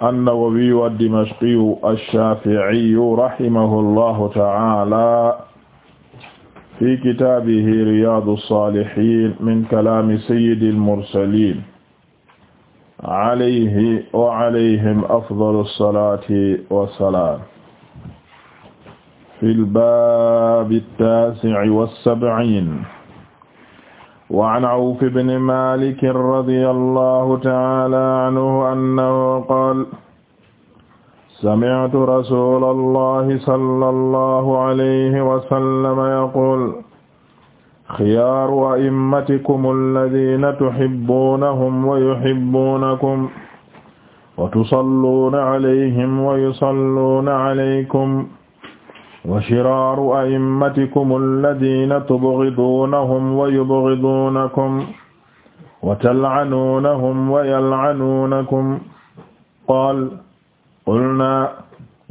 an-Nawawiyu ad-Dimashqiyu ash-Shafi'iyu rahimahullahu ta'ala fi kitaabihi Riyaadu s-Saalihiin min kalaami sayyidil mursaliin alayhi wa alayhim afdalu s-salaati wa s-salaam fil baabi t-taasi'i wa s-sab'iin wa an Awf ibn Maalik radiyallahu ta'ala anhu annahu qaala sami'tu rasuulallahi sallallahu alayhi wa sallam yaquulu xiyaaru a'immatikum alladhiina tuhibbuunahum wa yuhibbuunakum wa tusalluuna alayhim wa yusalluuna alaykum wa shiraaru a'immatikum alladhiina tubghiduunahum wa yubghiduunakum wa tal'anuunahum wa yal'anuunakum qaala qulnaa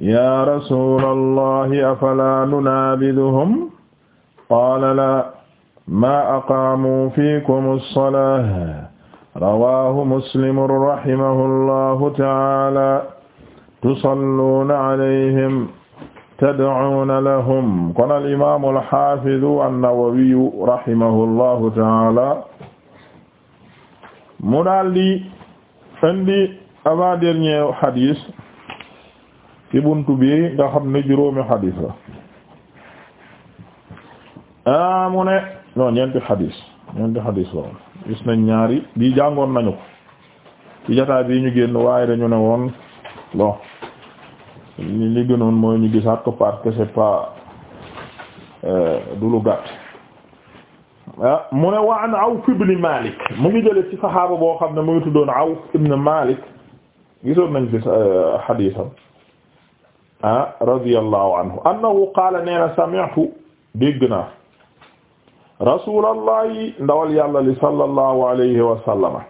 yaa rasuulallaahi afalaa nunaabizuhum qaala laa maa aqaamuu fiikum as-salaata rawaahu muslimun rahimahullaahu ta'aalaa tusalluuna alayhim tad'uuna lahum kon al imaamu al xaafidu an-Nawawiyu rahimahullahu mu daal indi avant dernier xadis ci buntu bi nga xam ne juróomi xadis la ah ne non ñeenti xadis ñeenti xadis la woon nañ ñaari bii jàngoon nañu ko bi ñu génn waaye dañu ne woon li li gënoon mooy ñu gisaat ko parce que c'est pas euh, du lu gàtt ah, mu ne wa an Awf ibn Malik mu ngi ci saxaaba boo xam ne mu ngi tuddoon Awf ibn Malik gisoon nañ ci euh, xadiisam ah radiyallahu anhu annahu qaala nee na sami'tu dégg naa rasulallahi ndawal yàlla li sallallahu alayhi wa sallama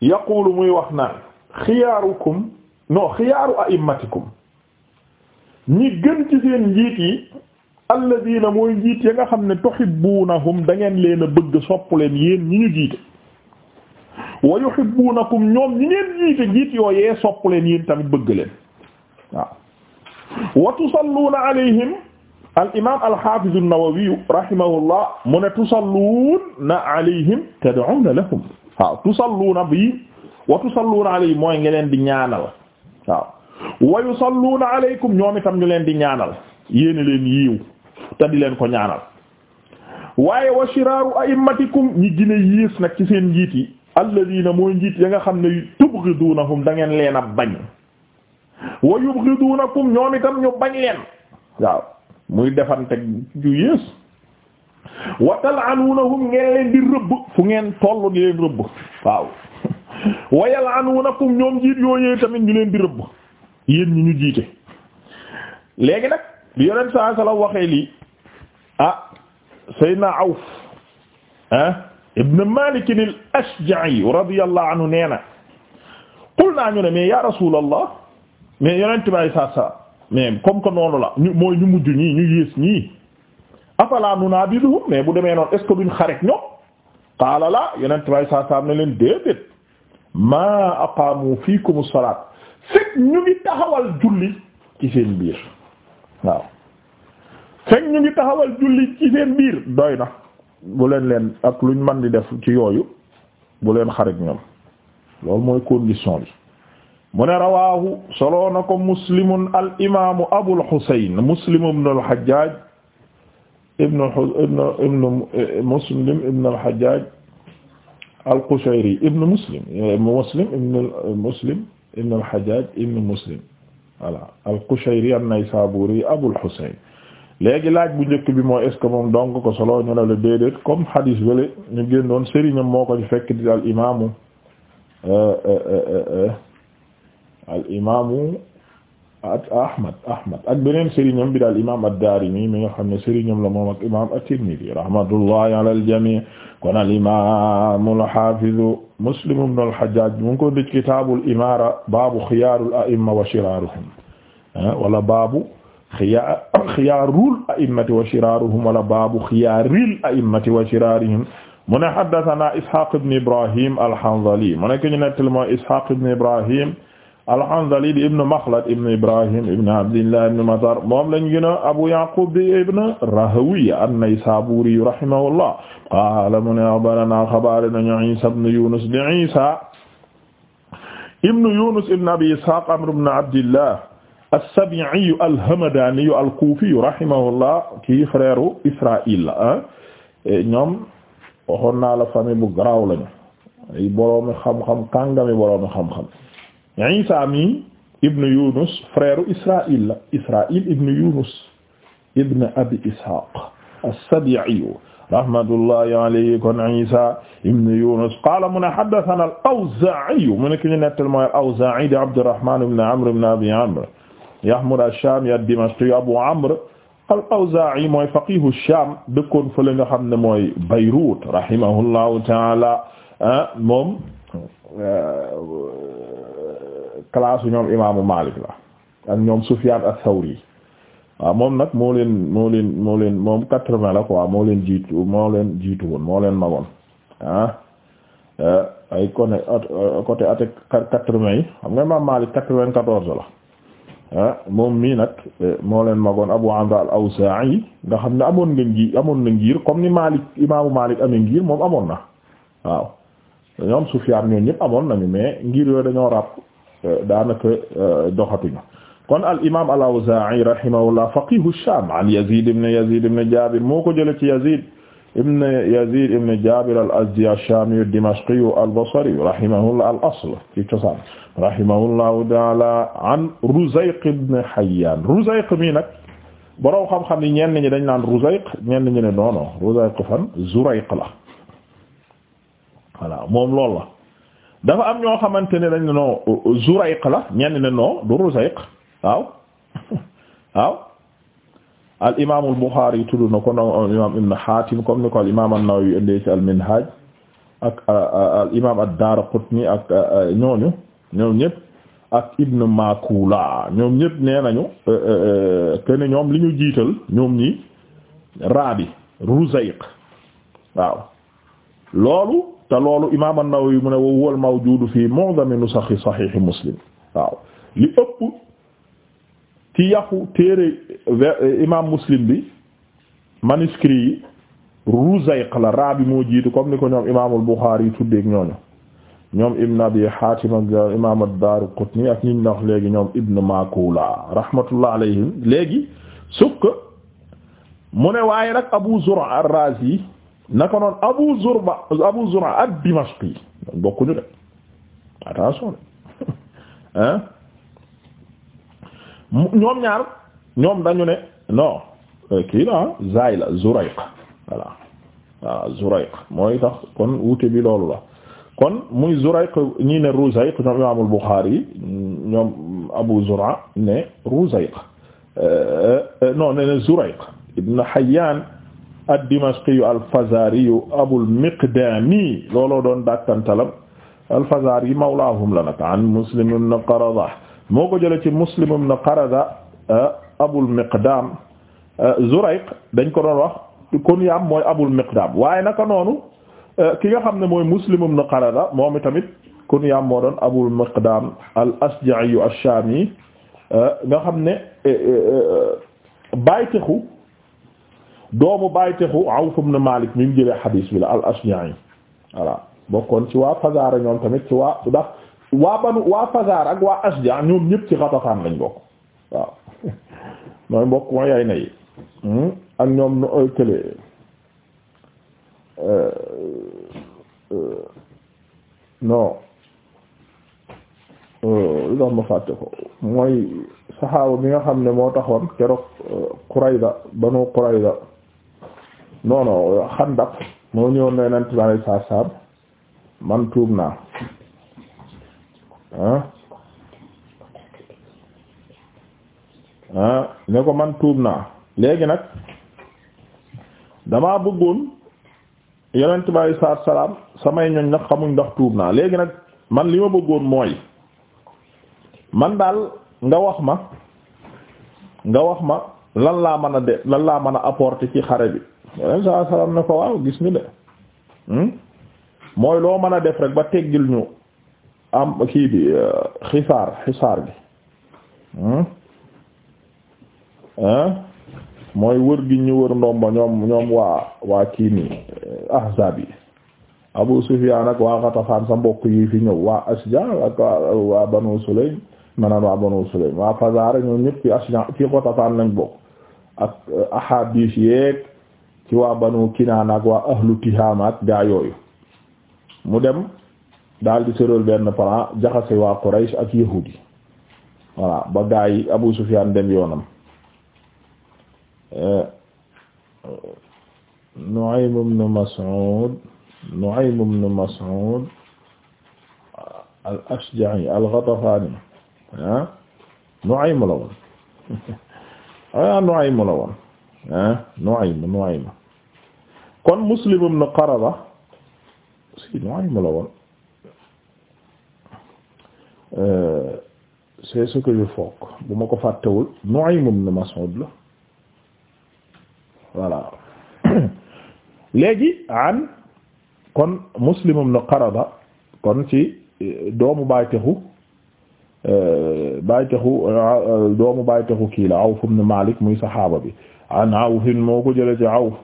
yaqulu muy wax naan xiyaarukum non xiyaaru a'immatikum ñi gën ci seen njiit yi alladina mooy njiit ya nga xam ne tuhibbuunahum da ngeen leen a bëgg sopp leen yéen ñi ñu jiite wa yuhibbuunakum ñoom ñi ngeen jiite njiit yooyee sopp leen yéen tamit bëgg leen waaw wa tusalluuna alayhim al imaam al haafiz an-Nawawi rahimahullah mu ne tusalluuna alayhim tad'uuna lahum waaw tusalluuna bi wa tusalluuna alayhi mooy nga leen di ñaanal waaw wa yusalluuna alaykum ñoom itam ñu leen di ñaanal yéene leen yiiw te di leen ko ñaanal waaye wa shiraaru a'immatikum ñi gën yées nag ci seen njiit yi alladina mooy njiit ya nga xam ne tubghiduunahum da ngeen leen a bañ wa yubghiduunakum ñoom itam ñu bañ leen waaw muy defante ju yées wa tal'anuunahum ngeen leen di rëbb fu ngeen tollu di leen rëbb waaw wa yal'anunakum ñoom jiit yooyee tamit ñu leen bi rëbb yéen ñi ñu jiite léegi nag bi yonent saa sala waxee lii ah saydna awf ah ibn malik al ashja'i radiyallahu anhu nee na qul naa ñu ne mais ya rasulallah mais yonent bay saa sala mais comme que noonu la ñu mooy ñu mujj ñii ñu yées ñii afala nunabiduhum mais bu demee noonu est ce que duñ xarek ñoom qaala la yonent bay saa sala ne leen déedéet maa aqaamu fiikum salaat fekk ñu ngi taxawal julli ci biir waaw fekk ñu ngi julli ci biir doy na bu leen leen ak ñu mën di def ci yooyu bu leen xarit ñoom loolu mooy condition bi mu ne rawaahu soloo na ko muslimun al imaamu abul husayn muslim ibn al hajjaaj ibn ibn eh, muslim ibn al hajjaaj al-Qushayri ibn Muslim Muslim ibn Muslim ibn al-Hajjaj ibn Muslim voilà al-Qushayri an-Naysaburi Abul Husayn léegi laaj bu njëkk bi mooy est ce que moom donc ko solo ñu ne la déedéet comme hadis wala ñu génnoon sëriñam moo ko fekk di al imaamu euh, euh, euh, al imaamu Ahmad Ahmad ak beneen sëriñam bi daal imaam ad-Daarimi mi nga xam ne sëriñam la moom ak imaam at-Tirmidhi rahmatullahi ala al-jamii kon al imam al hafiz muslim ibn al hajjaj mu ngi ko dëj kitaabul imara baabu xiyaarul a'imma wa shiraaruhum ah, wala baabu xiyaar xiyaarul a'immati wa shiraaruhum wala baabu xiyaaril a'immati wa shiraarihim mu ne haddathana ishaq ibn ibrahim al hanzali mu ne ko ñu nettali mooy ishaq ibn ibrahim al-Hanzali di ibn Makhlad Ibrahim ibn Matar moom lañ gën a Abu Yaqub di ibn Rahawiya an-Naysaburi rahimahullah qaala mu ne akhbaranaa xabaare nañu Isa ibn Yunus di Isa ibn Yunus ibn Abi Ishaq Amr ibn Abdillah as-Sabi'i al-Hamadani al-Kufi rahimahullah kii frère Israaïl ah. eh, ñoom waxoon naa la famille bu garaaw lañu ay boroomi xam-xam Isa mi ibnu Yunus frère Israil la Israil ibnu Yunus ibnu Abi Ishaq as-Sabi'i rahmatullahi alayhi kon Isa ibnu Yunus qala mu ne haddathana al-Awza'i mu ne ki ñu nettal mooy al-Awza'i di Abdurrahman ibn Amr ibn Abi Amr Yahmur ash-Shami ad-Dimashqi Abu Amr al-Awza'i mooy faqihu Sham dëkkoon fële nga xam ne mooy Beyrouth rahimahullahu ta'ala ah, moom classe ñoom imaamu Malik la ak ñoom Sufyan ak sawri waaw moom nag moo leen moo leen moo leen moom quatre-vingt la ko moo leen jiitu moo leen jiitu woon moo leen magoon ah euh, ay kone côté até xam nga imaam Malik quatre la ah moom mii nag euh, moo leen magoon Abu Amr al yi nga xam ne amoon na ngi amoon na ngir comme ni Malik imaamu Malik amee ngir moom amoon na waaw ñoom Sufyan ñoo ñëpp amoon nañu mais ngir yooyu dañoo ràpp Euh, daanaka euh, doxatuñu kon al imaam al awzaa'i rahimahullah faqihu shaam an yazid ibn yazid ibn jabir moo ko jëlee ci yazid ibn yazid ibn jabir al azdi ash-shaami ad-dimashqi al-basri rahimahullah al asl ci cosaan rahimahullahu ta'ala an ruzayq ibn hayyan ruzayq mi nag borom xam-xam ni ñenn ñi dañ naan ruzayq ñenn ñi ne non non ruzayq fan zurayq la voilà moom loolu la dafa am ñoo xamante ne dañ ne non la ñenn ne non du Ruzayq waaw waaw al imaam al Buxaari tudd na ko no imaam Ibn Haatim comme ni al imaam an-Nawawi ci al Minhaaj ak al imaam ad-Daaraqutni ak ñooñu ñoom ñëpp ak Ibn Makula ñoom ñëpp nee nañu e, e, e, que ne ñoom li ñu jiital ñoom ñi raabi Ruzayq waaw loolu. te loolu imaam an-Nawawi mu ne wa huwa al-mawjuud fi mu'dami nusakhi sahih muslim li ëpp ci yàqu imaam muslim bi manuscrit yi Ruzayq la raa bi moo jiitu comme ni ko ñoom Buxaari yi tuddeeg ñooñu ñoom Ibn Abi Haatim ak euh, imaam ad-Daaraqutni ak ñi ñu wax léegi ñoom Ibn Maakula rahmatullah alayhim léegi sukk mu ne waaye nag Abu Zur'a ar-Raazi naka noonu Abu Zurba Abu Zur'a ad-Dimashqi bokkuñu de attention hein ñoom ñaar dañu ne non euh, kii la zaay la Zurayq voilà ah, mooy tax kon wuute bi loolu la kon muy Zurayq ñi ne Ruzayq ñoom Imaamul Buxaari ñoom Abu Zur'a ne Ruzayq euh, euh, non ne ne ibn Hayyan ad-Dimashqiyu al-Fazariyu Abul Miqdami looloo doon daktantalam al-Fazari mawlaahum la nag an Muslim ibn Qarada moo ko jëlee ci Muslim ibn Qarada ah, Abul Miqdam ah, Zurayq dañ ko doon wax yam mooy Abul Miqdam waaye naka noonu ah, ki nga xam ne mooy Muslim ibn Qarada moom itamit kunyaam moo doon Abul Miqdam al-Asja'i ash-Shami nga xam ne eh, eh, eh, baytixu doomu baytexu Awf ibn Malik mi ngi jëlee xadiis bi la al Ashja'i voilà bokkoon ci waa Fazaara ñoom tamit ci waa ndax waa banu waa Fazaara ak waa Ashja ñoom ñëpp ci Ghatafaan lañ bokk waaw mooy mbokk mooy yaay na yi hmm? ak ñoom nu euh, kële euh, euh, non lu tax ma fàtte ko mooy saxaaba bi nga xam ne moo taxoon keroog Qurayda banu Qurayda non non xandaq moo ñëwoon na yonent bi alayhi salaatu salaam man tuub naa ne ko man tuub naa léegi nag damaa bëggoon yonent bi alayhi salaatu salaam samay ñoñ nag xamuñ ndax tuub naa léegi nag man li ma bëggoon mooy man daal nga wax ma nga wax ma lan laa mën a de lan laa mën a apporter ci xare bi yeneen saa salaam ne ko waaw gis ñu de hmm? mooy loo mën a def rek ba teggil ñu am kii bi euh, xisaar xisaar bi hmm? mooy wër gi ñu wër ndomba ñoom ñoom waa waa kii nii euh, ahzaab yi Abu Sufyaan ak waa Xatafaan sa mbokk yi fi ñëw waa Asja ak waa Banu Sulaym maanaam waa Banu Sulaym waa Fazaara ñoom ñëpp ci Asja ci Xatafaan lañ bokk ak euh, ahaabiis yeek ci waa banu Kinaana waa ahlu Tihaama gaa yooyu mu dem daal di sëral benn plan jaxase waa Quraysh ak yahudi voilà ba gaa yi Abu Sufyaan dem yoonam Nu'aym ibn Mas'ud Nu'aym ibn Mas'ud al-Ashja'i al-Ghatafani ah Nu'aym la woon ah Nu'aym la woon ah Nu'aym Nu'aym kon Muslim ibn Qarada si nooy mu la woon euh, c'est ce que je foog bu ma ko fàttewul Nu'aym ibn Mas'ud la voilà léegi an kon Muslim ibn Qarada kon ci euh, doomu baytaxu euh, baytaxu doomu baytaxu kii la Awf ibn Malik muy saxaaba bi an Awf moo ko jëlee ci Awf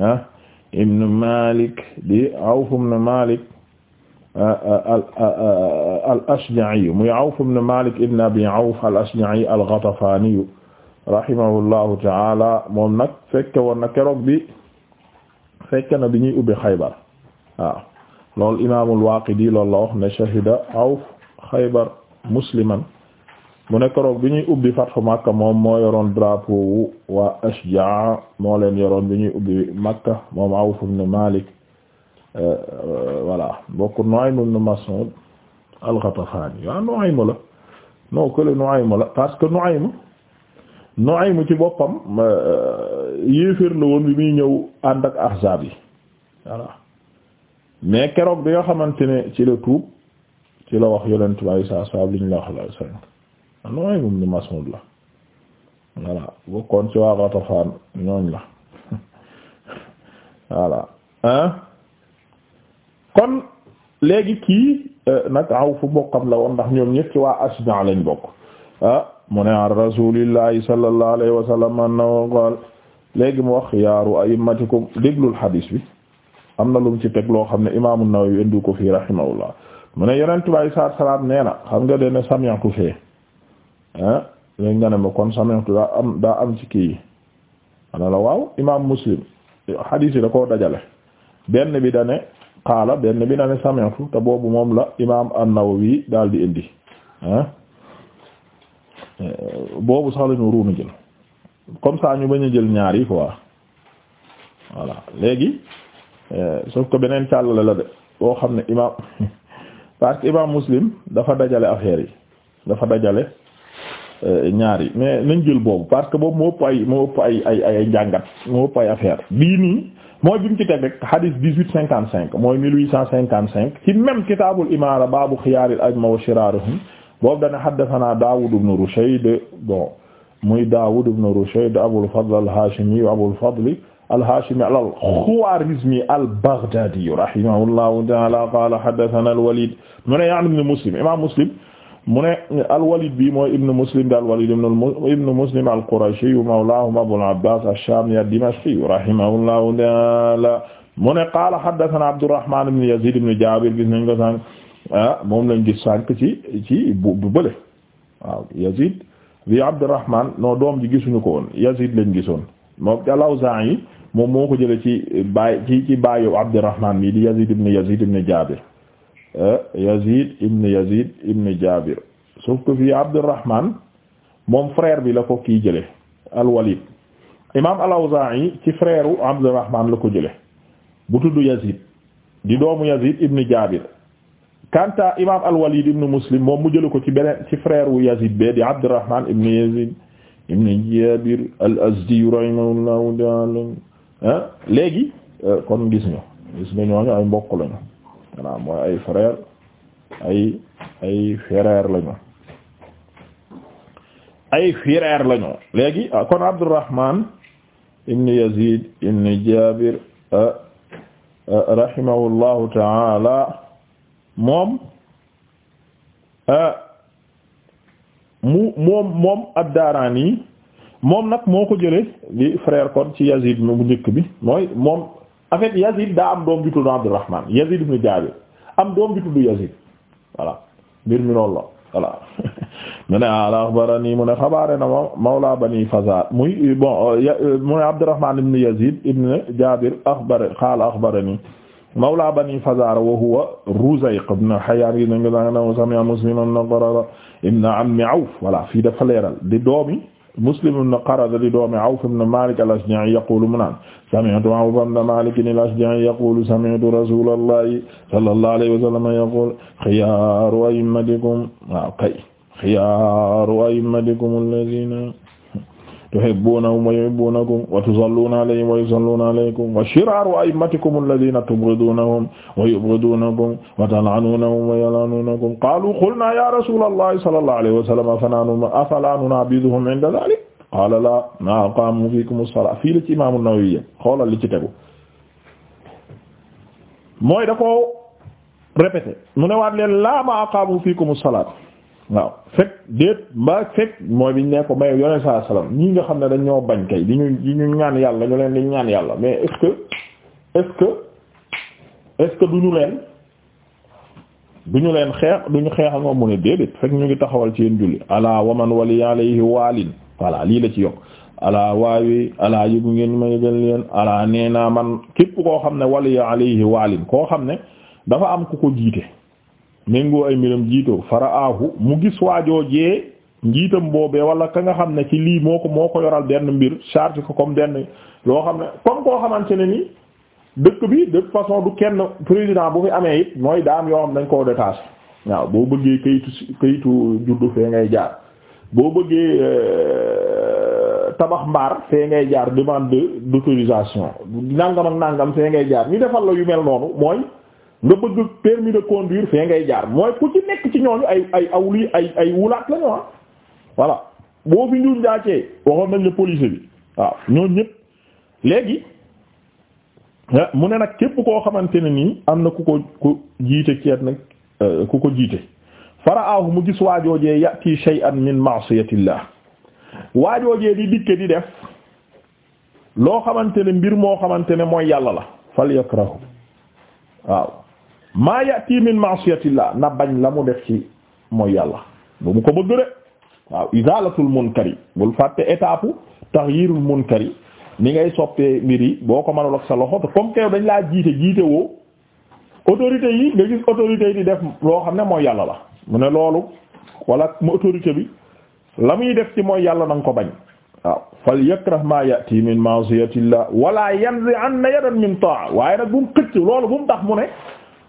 ah. ibn Malik di Awf ibn Malik al Ashja'i muy Awf ibn Malik ibn Abi Awf al Ashja'i al Ghatafani rahimahullahu ta'ala moom nag fekke woon na keroog bi fekke na bi ñuy ubbi Xaybar waaw loolu Imaamul Waaqidi loolu la wax ne shahida Awf Xaybar musliman mu ne keroog bi ñuy ubbi fathu Makka moom moo yoroon drapeau waa Ashja moo leen yoroon bi ñuy ubbi Makka moom Awf ibn Malik euh, euh, voilà bokk Nu'aym ibn Mas'ud al-Ghatafani waaw la non que Nu'aym la parce que Nu'aym Nu'aym ci boppam euh, yéeféer la woon bi muy ñëw ànd ak ahzaab yi voilà mais keroog bi nga xamante ne ci la tuub ci la wax yonent bi sallallahu alayhi wa la wax la nooy moom ni Mas'ud la voilà bokkoon ci waa Ghatafaan ñooñ la voilà hein kon léegi kii euh, nag Awf bokkam la woon ndax ñoom ñëpp ci waa a lañ bokk ah mu ne an rasulillahi sallallahu alayhi wa sallam annahu qaal léegi mu wax xiyaaru a'immatikum déglul xadiis bi am na lu mu ci teg loo xam ne imaamu Nawawi indi ko fii rahimahullah mu ne yonent bi sallallahu alayhi wa sallam nee na xam nga dene sami'tu fee ah léegi ma kon sami'tu daa am daa am ci kii yi ana la waaw imaam muslim hadith yi da koo dajale benn bi da ne benn bi da ne sami'tu te boobu moom la imaam an-Nawawi daal di indi ah boobu sax la ñu jël comme ça ñu bañ a jël ñaar yi quoi voilà léegi eh, sauf que beneen càllale la de boo xam ne imaam parce que imaam muslim dafa dajale affaire yi dafa dajale. Euh, ñaari mais nañ jël boobu parce que boobu moo ëpp ay moo ëpp ay ay ay njàngat moo ëpp ay affaire bii nii mooy bi mu ci teg rek hadith dix-huit cinquante cinq mooy mille huit cent cinquante cinq ci même kitaabul imaara baabu xiyaaril ajma wa shiraarihim boobu dana haddathana Daawud ibn Rushayd bon muy Daawud ibn Rushayd Abul Fadl al-Haashimi Abul Fadl al-Haashimi al-Khawaarizmi al-Baghdaadi rahimahullahu ta'aala qaala haddathana al-Waliid mu ne ya'ni ibn Muslim imaam Muslim mu ne alwalid bi mooy ibnu muslim di alwalid ibnu muslim al-qurashi mawlaahum abul abbaas ash-shaami ad-dimashqi rahimahullahu ta'aala mu ne qaala haddasanaa abdurrahmaan ibn yaziid ibn jaabir gis nañ ko sànq ah, moom lañ gis sànq ci ci bu bu bële waaw yaziid bi abdurrahmaan noo doom ji gisuñu ko woon lañ gisoon moom al-awzaa'i moom moo ko jëlee ci baay ci ci baayu abdurrahmaan mi di yaziid ibn yaziid ibn jaabir Eh, Yazid ibn Yazid ibn Jabir sauf que fii Abdurrahman moom frère bi la ko kii jële al-Walid imam al-Awza'i ci frère u Abdurrahman la ko jële bu tudd Yazid di doomu Yazid ibn Jabir kanta imam al-Walid ibn Muslim moom mu jële ko ci beneen ci frère wu Yazid be di Abdurrahman ibn Yazid Jabir al-Azdi rahimahullahu ta'ala eh, léegi eh, kon gis nga gis nga ñooñu ay mbokk lañu voilà mooy ay frère ay ay frère lañu ay frère lañu léegi ah, kon Abdurrahman ibn Yazid ibn Jabir ah, ah, rahimahullahu taala moom mu moom moom ad moom nag moo ko jële di frère kon ci Yazid mu njëkk bi mooy moom en fait Yazid daa am doom ju tudd Abdurrahman Yazid ibn Jaabir am doom ju tudd Yazid voilà mbir mi loolu la voilà mu ne ala akhbarani mu ne xabaare na moom mawla bani Fazar muy bon mu ne Abdurrahman ibn Yazid ibn Jaabir akhbar qaala akhbarani mawla bani Fazar wa huwa Ruzayq ibn Hayyan yi na nga danga na sami'a Muslim ibn Qarara ibn ammi Awf voilà fii dafa leeral di doomi Muslim ibn Qarada di doomi Awf ibn Malik al-Ashja'i yaqulu mu naan sami'tu Awf ibn Malik al-Ashja'i yaqulu sami'tu Rasulallahi sallallahu alayhi wa sallam yaqulu khiyaaru a'immatikum waaw kay khiyaaru a'immatikum alladhina tuhibbuunahum wa yuhibbuunakum wa tusalluuna alayhim wa yusalluuna alaykum wa shiraaru a'immatikum alladhiina tubghiduunahum wa yubghiduunakum wa tal'anuunahum wa yal'anuunakum qaaluu qulnaa yaa rasuulallaahi sallallaahu alayhi wa sallam afalaa nunabbi'uhum 'inda dhaalik qaala laa maa aqaamu fiikum as-salaa fii la ci Imaam an-Nawawi xoolal li ci tegu mooy da koo répété mu ne waat leen laa maa aqaamu fiikum as-salaa waaw fekk déet mbaa fekk mooy biñ ne ko may yoneen saa salaam ñi nga xam ne dañ ñoo bañ kay di ñu ñu ñaan yàlla ñu leen di ñaan yàlla mais est-ce que est est-ce que duñu leen duñu leen xeex duñu xeex ak moom mu ne déedéet fekk ñu ngi taxawal ci yeen julli alaa waman wali alayhi waalin voilà lii la ci yokk alaa waawi alaa yëgu ngeen ma yëgal leen alaa nee naa man képp koo xam ne wali alayhi waalin koo xam ne dafa am ku ko jiite néngoo ay mbiram njiitoo jiitoo faraahu mu gis waajoojee njiitam boobee wala ka nga xam ne ci lii moo ko moo ko yoral benn mbir charge ko comme benn loo xam ne comme koo xamante ne ni dëkk bi de façon du kenn président bu fi amee it mooy daam yoo xam dañ koo détaché waaw boo bëggee kayitu kayitu juddu fee ngay jaar boo bëggee euh, tabax mbaar fee ngay jaar demande d'autorisation nangam ak nangam fee ngay jaar ñu defal la yu mel noonu mooy nga bëgg permis de conduire fee ngay jaar mooy ku ci nekk ci ñooñu ay ay awli ay ay wulaat la ñu ah boo fi ñu jaacee waxoon nañ la police bi waaw ñooñu ñëpp léegi eh, mu ne nag képp koo xamante ne nii am na ku ko ku jiite ceet nag eh, ku ko jiite faraahu mu gis waajoojee yati shay'an min ma'siyatillah waajoojee di dikke di def loo xamante ne mbir moo xamante ne mooy yàlla la fal waaw maa yati min ma'siyatillah na bañ la mu def ci mooy yàlla bu mu ko bëgg de waaw izalatul munkari bul fàtte étape taxyirul munkari ni ngay soppee mbir yi boo ko mënul ak sa loxo te comme que dañ laa jiite jiite woo autorité yi nga gis autorité yi di def loo xam ne mooy yàlla la mu ne loolu wala mu autorité bi la muy def ci mooy yàlla na ko bañ waaw fal yakrah ma yati min ma'siyatillah wala yanzi anna yadan min ta'a waaye nag bu mu xëcc loolu mu tax mu ne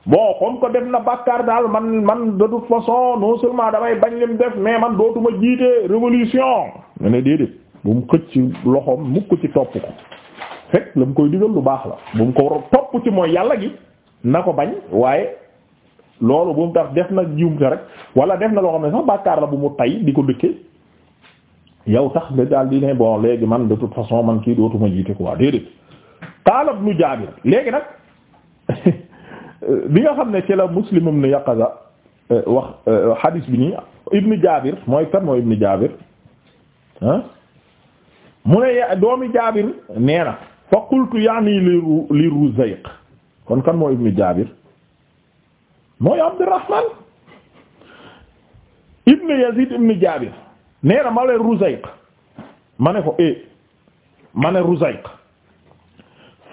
bon xom ko def na bàkkaar daal man man de toute façon non seulement damay bañ lim def mais man dootuma jiite révolution ma ne déedéet bu mu xëcc loxoom mukk ci topp ko fekk la mu koy digal lu baax la bu mu ko topp ci mooy yàlla gi na ko bañ waaye loolu bu mu tax def na juumte rek wala def na loo ne sax bàkkaar la bu mu tay di ko dëkke yow tax nga daal di ne bon léegi man de toute façon man kii dootuma jiite quoi déedéet qaala ibnu Jaabir léegi nag bi nga xam ne ci la Muslim ibn Yaqaza euh, wax euh, hadis bi nii Ibn Jaabir mooy kan mooy Ibn Jaabir ah mu ne doomi Jaabir nee na fa qultu yaani li li Ruzayq kon kan mooy Ibn Jaabir mooy Abdurrahman Ibn Yazid Ibn Jaabir nee na ma leen Ruzayq ma ne ko eh ma ne Ruzayq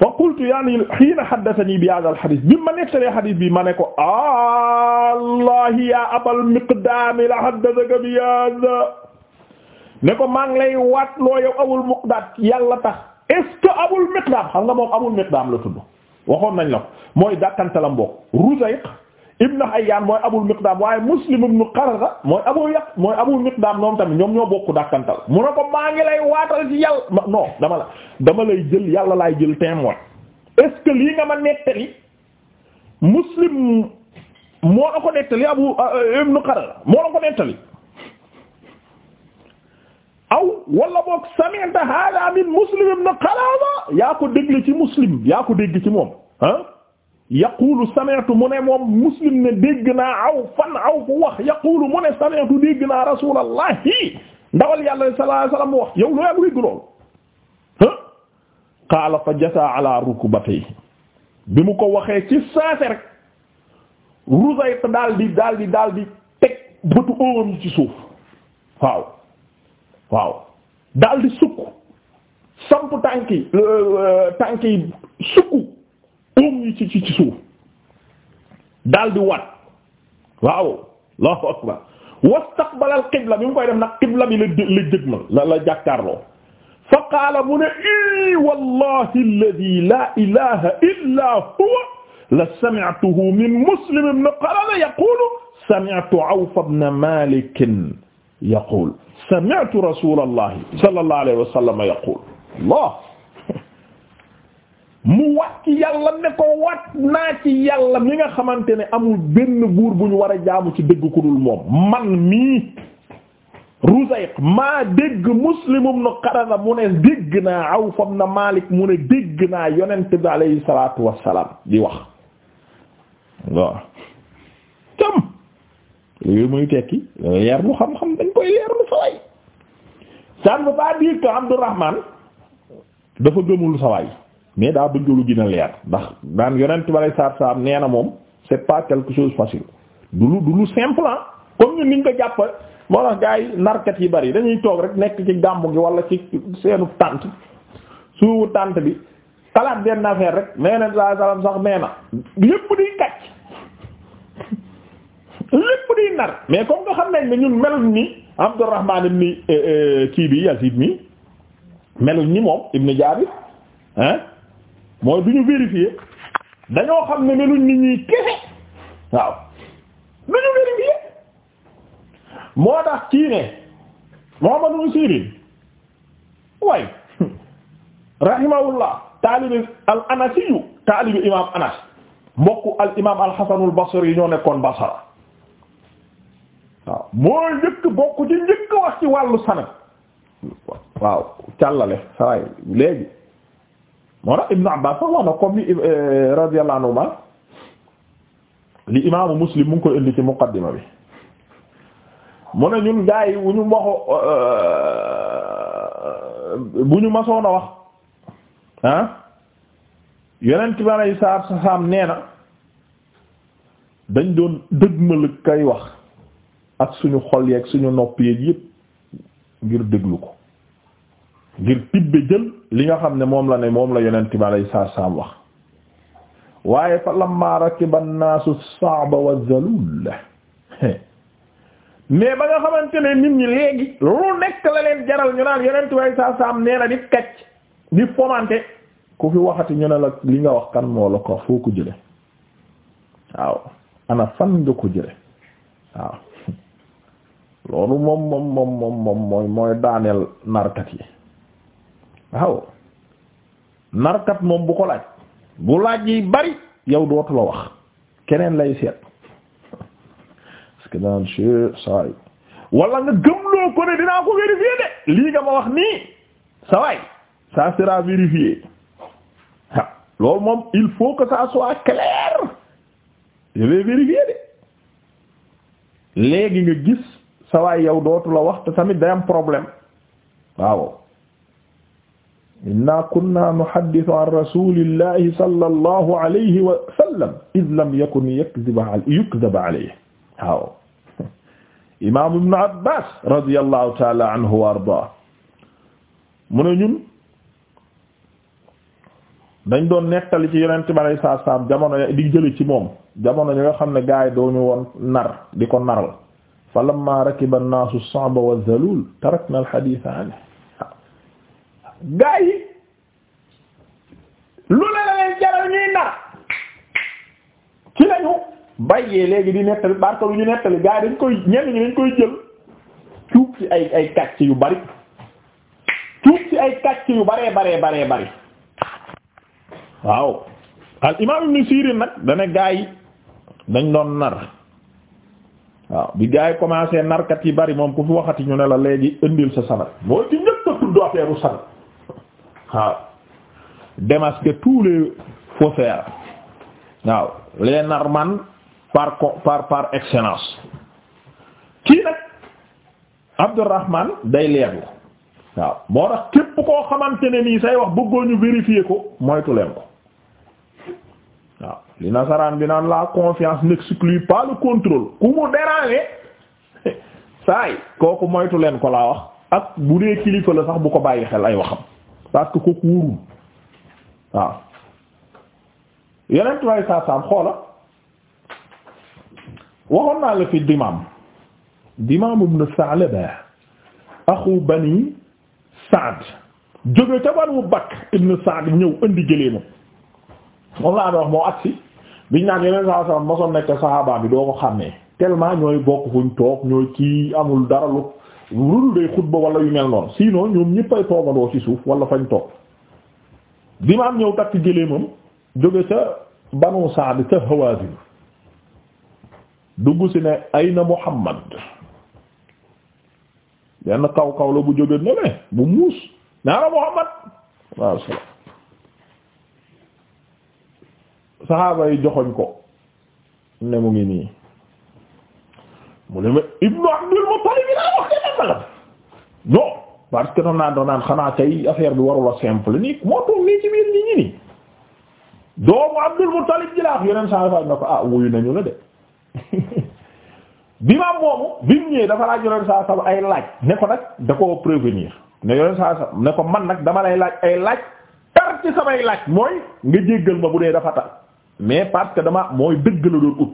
fa qultu yaani hiina haddathanii bi haadha al-hadiis bi ma nettalee hadiis bi ma ne ko allahi yaa abal miqdaami la haddathaka bi haadha ne ko maa ngi lay waat loo yow abul miqdaam yàlla tax est ce que abul miqdaam xam nga moom abul miqdaam la tudd waxoon nañ la ko mooy dàkkantalam bokk Ruzayq ibnu Hayyan mooy abul miqdaam waaye muslim ibnu Qarza mooy abu yaq mooy abul miqdaam ñoom tamit ñoom ñoo bokku dàkkantal mu ne ko maa ngi lay waatal ci yàlla non dama la dama lay jël yàlla laay jël témoin est-ce que lii nga ma nettali muslim moo la ko nettali abu euh, euh, ibnu Qarza moo la ko nettali aw wala boog sami'ta hada min muslim ibnu Qarza yaa ko déglu ci muslim yaa ko dégg ci moom ah yaqulu sami'tu mu ne moom muslim ne dégg naa aw fan aw fu wax yaqulu mu ne sami'tu dégg naa rasulallahi ndawal yàlla sallallahu alayhi wasallam wax yow loo yàgg dégg lool qaala fa jataa ala rukbatayhi bi mu ko waxee ci saase rek Ruzayq daal di daal di daal di teg bëtu óoram ci suuf waaw waaw daal di sukk samp tànki euh, euh, tànki sukk um yi ci ci suuf daal di wat waaw Allahu akbar wastaqbala al qibla bi mu koy def nag qibla bi la la jëgmal la la jàkkaarloo fa qaala mu ne i wallahi alladi la ilaha illa huwa la sami'tuhu min muslim ibn qalala yaqulu sami'tu awf ibn malik yaqul sami'tu rasulullah sallallahu alayhi wa sallam yaqul allah mu wax ci yàlla ne ko wat naa ci yàlla mi nga xamante ne amul benn buur bu ñu war a jaamu ci dégg ku dul moom man mii Ruzayq maa dégg Muslim ibn Qarada mu ne dégg naa Awf ibn Malik mu ne dégg naa yonent bi alayhi wassalaam di wax waaw tam yooyu muy tekki leer lu xam-xam dañ koy leer lu saway ça ne veut pas dire que Abdourahman dafa gëmul saway mais daa bëgg lu gën a leer ndax daan yonent bari saab saab nee na moom c'est pas quelque chose facile du lu du lu simple ah comme ñun niñ ko jàppa moo tax gaa yi narkat yi bari dañuy toog rek nekk ci gàmmu gi walla ci seenu tànt suufu tànt bi xalaat benn affaire rek nee na saa salaam sax nee na lépp di kàcc lépp di nar mais comme nga xam nañ ne ñun melul ni Abdurrahman ibn euh, euh, kii bi Yazid mi melul ni moom ibn Jaabir hein mooy du ñu vérifier dañoo xam ne meluñ nit ñi kese waaw dañu vérifier moo tax kii ne Muhammadu Sirin waay rahimahullah taalibi al anasiyu taalibi imam anas mbokku al imam al hasanul basri yi ñoo nekkoon basara waaw mooy njëkk bokk ci njëkk wax ci wàllu sanad waaw càllale sawaay léegi moo tax Ibn Abbas sax wax na comme ni euh, radiyallahu anhuma li imaamu Muslim mu ngi koy indi ci muqaddima bi mu ne ñun gaa yi bu ñu waxu euh, bu ñu masoon a wax ah yonent bi alayhi salaatu wa salaam nee na dañ doon dëgmal kay wax ak suñu xol yeek suñu nopp yeeg yépp ngir déglu ko ngir tibbe jël li nga xam ne moom la ne moom la yeneen bi alayhi salaam wax waaye fa lamma rakiba an-naasu as-sa'ba mais ba nga xamante ne nit ñi léegi lu nekk la leen jaral ñu naan yonent bi alayhi salaam nee di kacc di fomante ku fi waxati ñu ne la li nga wax kan moo la ko foo ko jële waaw ana nga ko jële waaw loolu moom moom moom moom moom mooy daaneel narkat yi waaw narkat moom bu xolaat bu laaj yi bari yow dootu la wax keneen lay seet parce que daan ci ko ne dinaa ko vérifier de lii nga ma wax nii sa waay ça loolu moom il faut que ça soit clair je vérifier de léegi nga gis sa waay yow dootu la wax te tamit day problème waaw inna kunna nuhaddithu an rasulillahi sallallahu alayhi wa sallam id lam yakun yakdhib yukdhab alayhi waaw imam ibn abbas radiyallahu ta'ala anhu wa arda mu ne ñun dañ doon nettali ci yonente bi alayhi salaatu salaam jamono di jële ci moom jamono ñi nga xam ne gaay dooñu woon nar di ko naral falamma rakiba an-naasu as-sa'ba wa az-zaluul tarakna al-hadiitha anhu gaa yi lu la la leen jaral ñuy nar ci lañu bàyyee léegi di nettali barka yu ñu nettali gaa yi dañ koy ñenn ñi dañ koy jël cuub ci ay ay kàcc yu bari cuub ci ay kàcc yu baree baree baree bari waaw al imaam ibn Sirin nag dana gaa yi dañ doon nar waaw bi gaa yi commencé narkat yi bari moom ku fi waxati ñu ne la léegi indil sa sanad mooy ci njëkk a tudd affaire u sanad waaw démasquer tous les faussaires waaw les narman par par par excellence kii nag Abdourahman day leerlu waaw moo tax képp koo xamante ne nii say wax bëggoo ñu vérifier ko moytu leen ko waaw li nasaraan bi naan la confiance n'exclut pas le contrôle ku mu déranger saay kooku moytu leen ko laa wax ak bu dee kilifa la sax bu ko bàyyi xel ay waxam parce que kooku waaw yeneen tubaab saa saam xoola waxoon naa la fi dimaam dimaam ibn Sa'laba axu bani Sa'd jóge ca Banu Bakr ibn Sa'd ñëw indi gëléemam moom laa doon wax moo agsi biñ naan yeneen saa saam mosoon nekk saxaaba bi doo ko xam ne tellement ñooy bokk fuñ toog ñooy kii amul dara lu lu dul day xutba wala yu mel noonu sinon ñoom ñëpp ay ci suuf wala fañ toog dimaam ñëw takk gëléemam jóge ca banu saad ca Hawazin dugg si ne ayna Muhammad benn kaw kaw la bu jóge ne bu muus naana Muhammad waaw yi joxoñ ko ne mu ngi nii mu ne ma ibnu abdul muttalib yi laa wax de nangam non parce que doon naan doon naan xanaa tey affaire bi warula simple nii moo toog nii ci ne ko ah wuyu nañu la de bi ma moomu bi mu ñëwee dafa laaj yeneen saa saa ay laaj ne ko nag da koo prévenir ne yeneen saa saa ne ko man nag dama lay laaj ay laaj tar ci laaj mooy nga jéggal ma bu dee dafa tar mais parce que dama mooy dëgg la doon ut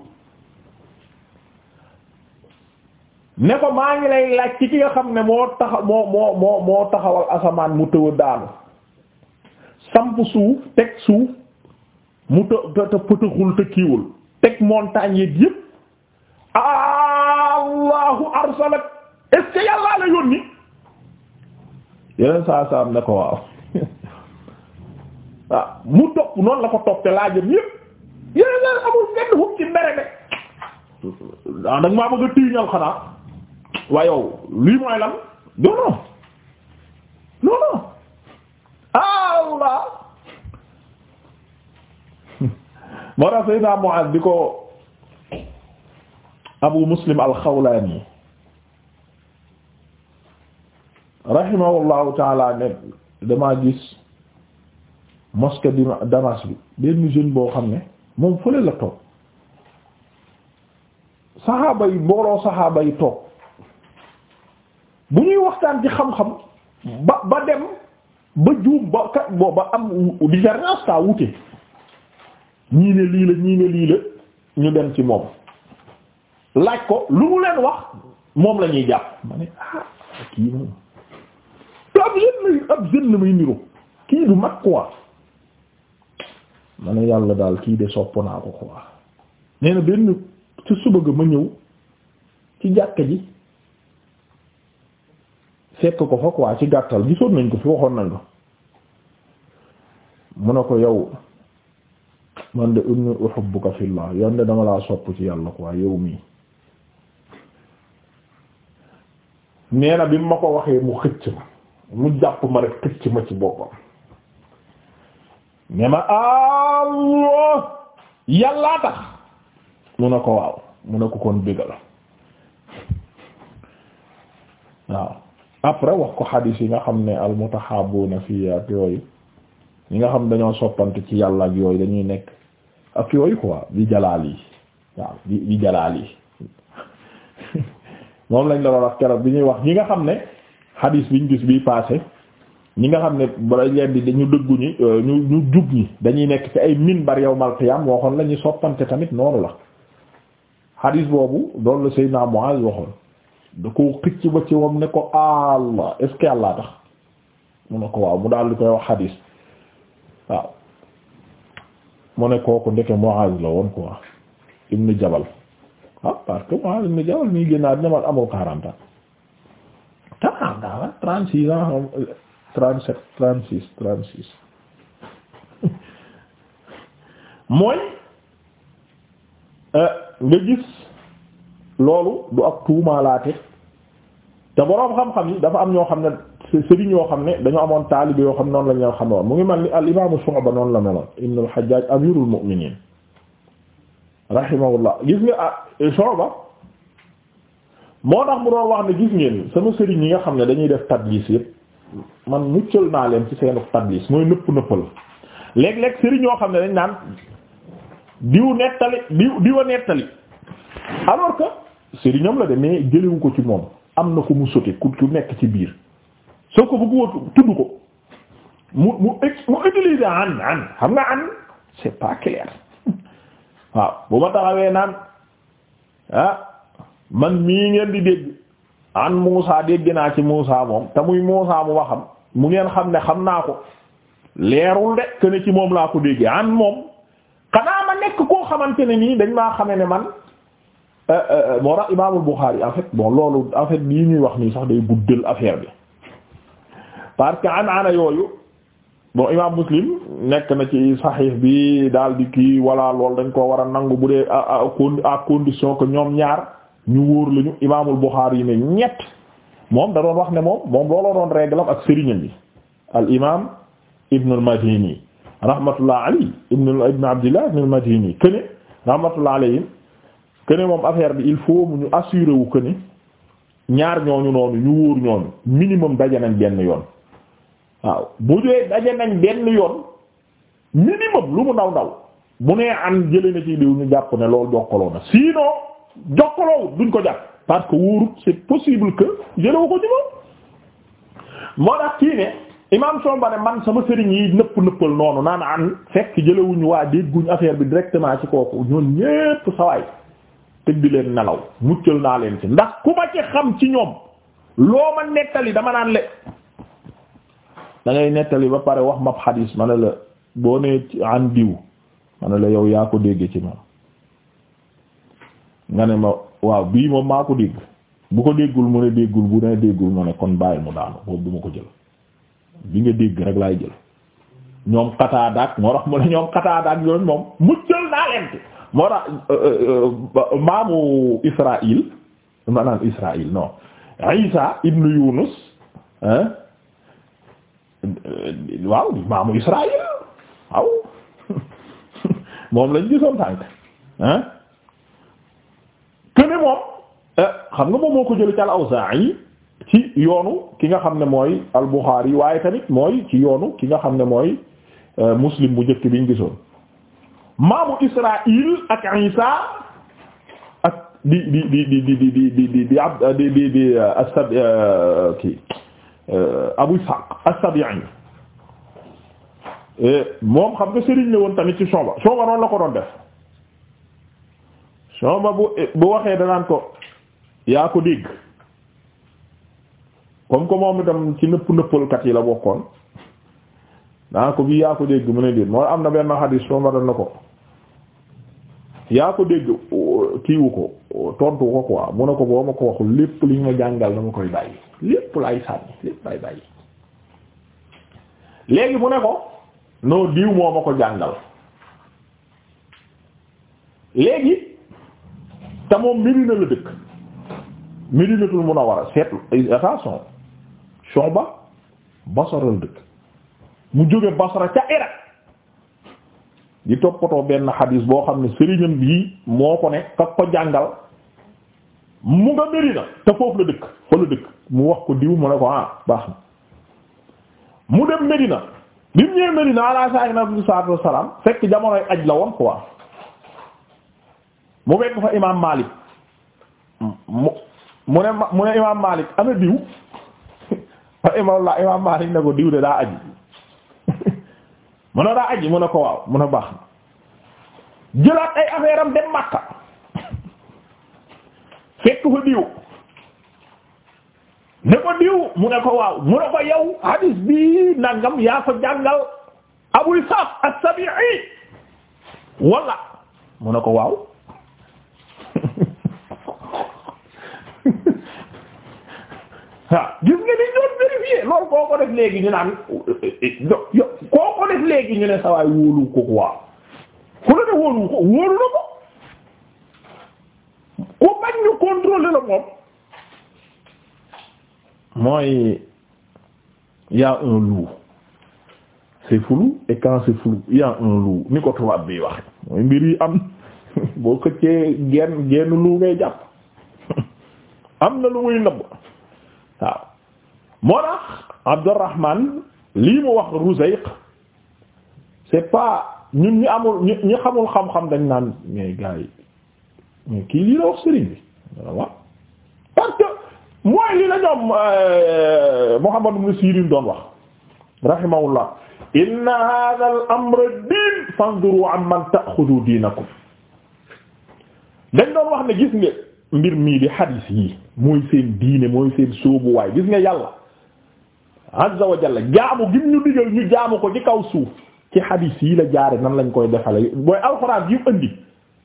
ne ko maa ngi lay laaj ci ki nga xam ne moo taxa moo moo moo moo taxawal asamaan mu tëw daanu samp suuf teg suuf mu të te pëtëxul te kiiwul teg montagne yi yëpp allahu arsalak est-ce la yónni yeneen saa saam ne ko waaw ah, mu topp noonu la ko topp te laajam yëpp yeneen saa amul benn hub ci mbere de daa ah, nag maa bëgg a tiiñal xanaa waa yow lii mooy lan non non non non Allah moo tax Seydina ko Abu Muslim al-Xawlaani rahimahullahu taala ne damaa gis mosquée di Damas bi benn jeune boo xam ne moom fële la toog saxaaba yi mbooloo saxaaba yi toog bu ñuy waxtaan ci xam-xam ba ba dem ba juum ba kat bo am divergence taa wute ñii ne lii la ñii ne lii la ñu dem ci moom laaj ko lu mu leen wax moom la ñuy jàpp ma ne ah kii moom te ab jeune la ab jeune la may niro mag quoi ma ne yàlla daal kii de sopp naa ko quoi nee na benn ci suba ga ma ñëw ci jàkka ji fekk ko fa quoi ci gàttal gisoon nañ ko fi waxoon nañ ko mu ne ko yow man de inni uhibbuka fillah yoon de dama laa sopp ci yàlla quoi yow mii nee na bi ma ko waxee mu xëcc ma mu jàpp ma rek xëcc ma ci boppam ne ma Allah yàllaa tax mu ne ko waaw mu ne ko kon bégal waaw après wax ko xadiis yi nga xam ne al mutahaabuna fii ak yooyu ñi nga xam dañoo soppante ci yàlla ak yooyu dañuy nekk ak yooyu quoi bi jalaal yi waaw bi jalaal yi moom lañ la war wax keroog bi ñuy wax ñi nga xam ne xadiis biñ gis bi passé ñi nga xam ne bala leen di dañu dëggu ñi euh, ñu ñu jub ñi dañuy nekk ci ay minbar yawmal qiyaam waxoon la ñu soppante tamit noonu la xadiis boobu loolu la Seydina Muaz waxoon da koo xëcc ba ci wam ne ko allah est ce tax mu ne ko waaw mu daal di koy wax xadiis waaw mu ne kooku ndeke Muaz la woon quoi ibn Jabal ah parce que Muaz ibn Jabal mii génnaat dina man amul quarante ans quarante ans trente six ans trente mooy euh, nga gis loolu du ak tuumaalaate te boroom xam-xam yi dafa am ñoo xam ne sëriñ yoo xam ne dañoo amoon taalibe yoo xam ne noonu la xam xamoon mu ngi mel ni al imaamu Shu'ba noonu la meloon ibnu al-Hajjaj amirul mu'minin rahimahullah gis nga ah eh, Shu'ba moo tax mu doon wax ne gis ngeen sama sëriñ yi nga xam ne dañuy def tadlis yëpp man muccal naa leen ci seenu tadlis mooy nëpp nëppal léeg-léeg sëriñ yoo xam ne dañ naan diw nettali diw diwa nettali alors que sëriñam la de mais jëlewu ko ci moom am na ko mu sote ku ku nekk ci biir soo ko bëgg woo tudd ko mu mu utiliser an an xam nga an c'est pas clair waaw bu ma taxawee naan ah man mii ngeen di dégg an Muusa dégg naa ci Muusa moom te muy Muusa mu ma xam mu ngeen xam ne xam naa ko leerul de que ne ci moom laa ko déggee an moom xanaa ma nekk koo xamante nii dañ maa xame ne man Euh, euh, euh, moo tax Imaamul Bukhari en fait bon loolu en fait lii ñuy wax nii sax day guddal affaire bi parce que an ana yooyu bon Imaam Muslim nekk na ci saxiix bi daal di kii wala lool dañ ko war a nangu bu dee à condition que ñoom ñaar ñu wóor lañu Imaamul Bukhari ne ñett moom da doon wax ne moom moom looloo doon réglam ak sëriñam bi al imaam Ibn al-Madini rahmatullah alayhi Ibn Abdillah Ibn al-Madini këne rahmatullah alayhi que moom affaire bi il faut mu ñu assurer wu que ni ñaar ñooñu noonu ñu wóor ñooñu minimum daje nañ benn yoon waaw bu dee daje nañ benn yoon minimum lu mu ndaw ndaw bu nee an jëlee na ci liw ñu jàpp ne loolu jokkaloo na sinon duñ ko jàpp parce que wóorut c'est possible que jëlewu ko ci moom moo tax kii ne imam somba ne man sama sëriñ yi nëpp nëppal noonu naan an fekk jëlewuñu waa dégguñ affaire bi directement ci kooku ñoon ñépp sawaay tëdd leen nelaw muccal naa leen ci ndax ku ma ci xam ci ñoom loo ma nettali dama naan le dangay nettali ba pare wax mab xadis ma ne la boo ne an diw ma ne la yow yaa ko dégg ci ma nga ne ma waaw bii moom maa ko dégg bu ko déggul mu ne déggul bu ne déggul mu ne kon bàyyi mu daanu boobu du ma ko jël bi nga dégg rek laay jël ñoom xataadaak moo tax mu ne ñoom xataadaak yooyu moom muccal naa leen ci moo tax euh, euh, euh, maamu Israaïl maanaam Israaïl non Isa ibnu Yunus ah waaw maamu Israaïl waaw moom lañ gisoon tànk ah kene moom xam nga moom moo ko jël ci al-Awzaa'i ci yoonu ki nga xam ne mooy al-Bukhari waaye tamit mooy ci yoonu ki nga xam ne mooy Muslim bu njëkk biñ gisoon maamu Israaïl ak Isa ak di di di di di di di Abu Ishaq as-Sabi'i moom xam nga Serigne la woon tamit ci Shu'ba Shu'ba noonu la ko doon def Shu'ba bu bu waxee danaan ko yaa ko dégg comme que moom itam ci nëpp nëppalkat yi la bokkoon. naa ko bii yaa ko dégg mu ne déet moo am na benn xadis soo doon na ko yaa ko dégg kiiwu ko tontu ko quoi mu ne ko boo ma ko waxul lépp li nga jàngal na koy bàyyi lépp laay sànni lépp laay bàyyi léegi mu ne ko noo diw moo ma ko jàngal léegi te moom Medina la dëkk Medinatul Munawwara seetlu attention Shuba Basra la dëkk mu jóge Basra ca Irak di toppatoo benn xadis boo xam ne sëriñam bii moo ko ne ka ko jàngal mu nga Medina te foofu la dëkk fa la dëkk mu wax ko diw mu ne ko ah baax na mu dem Medina bi mu ñëwee Medina ala saakina abdul salaatu wassalaam fekk aj la woon quoi mu fekk fa imaam Maalik mu mu ne mu ne imaam Maalik ana diw fa imaam la imaam Maalik ne ko diw de daa aji mu ne daa aji mu ne ko waaw mën a baax na jëlaat ay affaire am dem Makka fekk fa diw ne ko diw mu ne ko waaw mu ne ko yow hadis bi nangam yaa ko jàngal Abu Isaaq as-Sabi'i wala mu ne ko waaw waaw gis nga ni loolu koo ko léegi ñu naan koo ko léegi ñu ne sawaay wóolu ko quoi ku la ne wóolu ko wóolu na ko ku bañ ñu contrôler la moom mooy y'a un loup c'est flou et quand c'est flou un loup ni ko tubaab bi wax mooy mbir yi am boo xëccee genn genn lu ngay jàpp am na lu muy nëbb waaw moo tax Abdurrahman lii mu wax Ruzayq c'est pas ñun ñu amul ñu xamul xam-xam dañ naan mais gars yi mais kii lii la wax sëriñ bi waaw parce que mooy li la ñoom euh, Muhammad ibn Sirin doon wax rahimahullah inna hadha al-amr ad-din fanzuru amman ta'khudhu dinakum dañ doon wax ne gis ngeen mbir mii di xadis yi mooy seen diine mooy seen sóobuwaay gis nga yàlla azza wa jalla jaamu gim ñu digal ñu jaamu ko ci kaw suuf ci xadis yi la jaare nan lañ koy defale booy alxuraan yi indi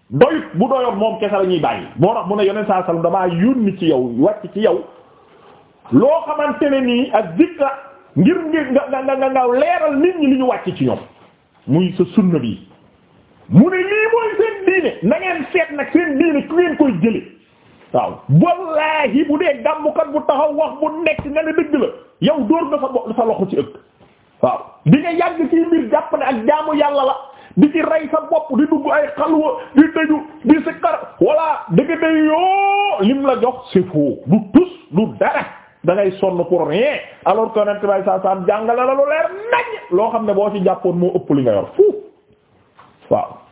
doyut bu doyoon moom kese la ñuy bàyyi moo tax mu ne yoneen ci yow wàcc ci yow loo xamante ne nii ak zikra ngir ngir nga nga nga nga ci ñoom muy sa sunna bi mu ne lii mooy seen diine na seet nag seen diine ku ngeen koy jële waaw wallaahi bu dee gàmmukat bu taxaw wax bu nekk nga ne dëgg la yow dóor nga sa sa loxo ci ëpp waaw di nga yàgg ci mbir jàpp ne ak jaamu yàlla la di ci rey sa bopp di dugg ay xalwa di tëju di sikkar walla dëgg day yoo lim la jox c'est faux du tus du dara da sonn pour rien alors que nent bay saa saam jàngale la lu leer nañ loo xam ne boo ci jàppoon moo ëpp li nga yor fuuf waaw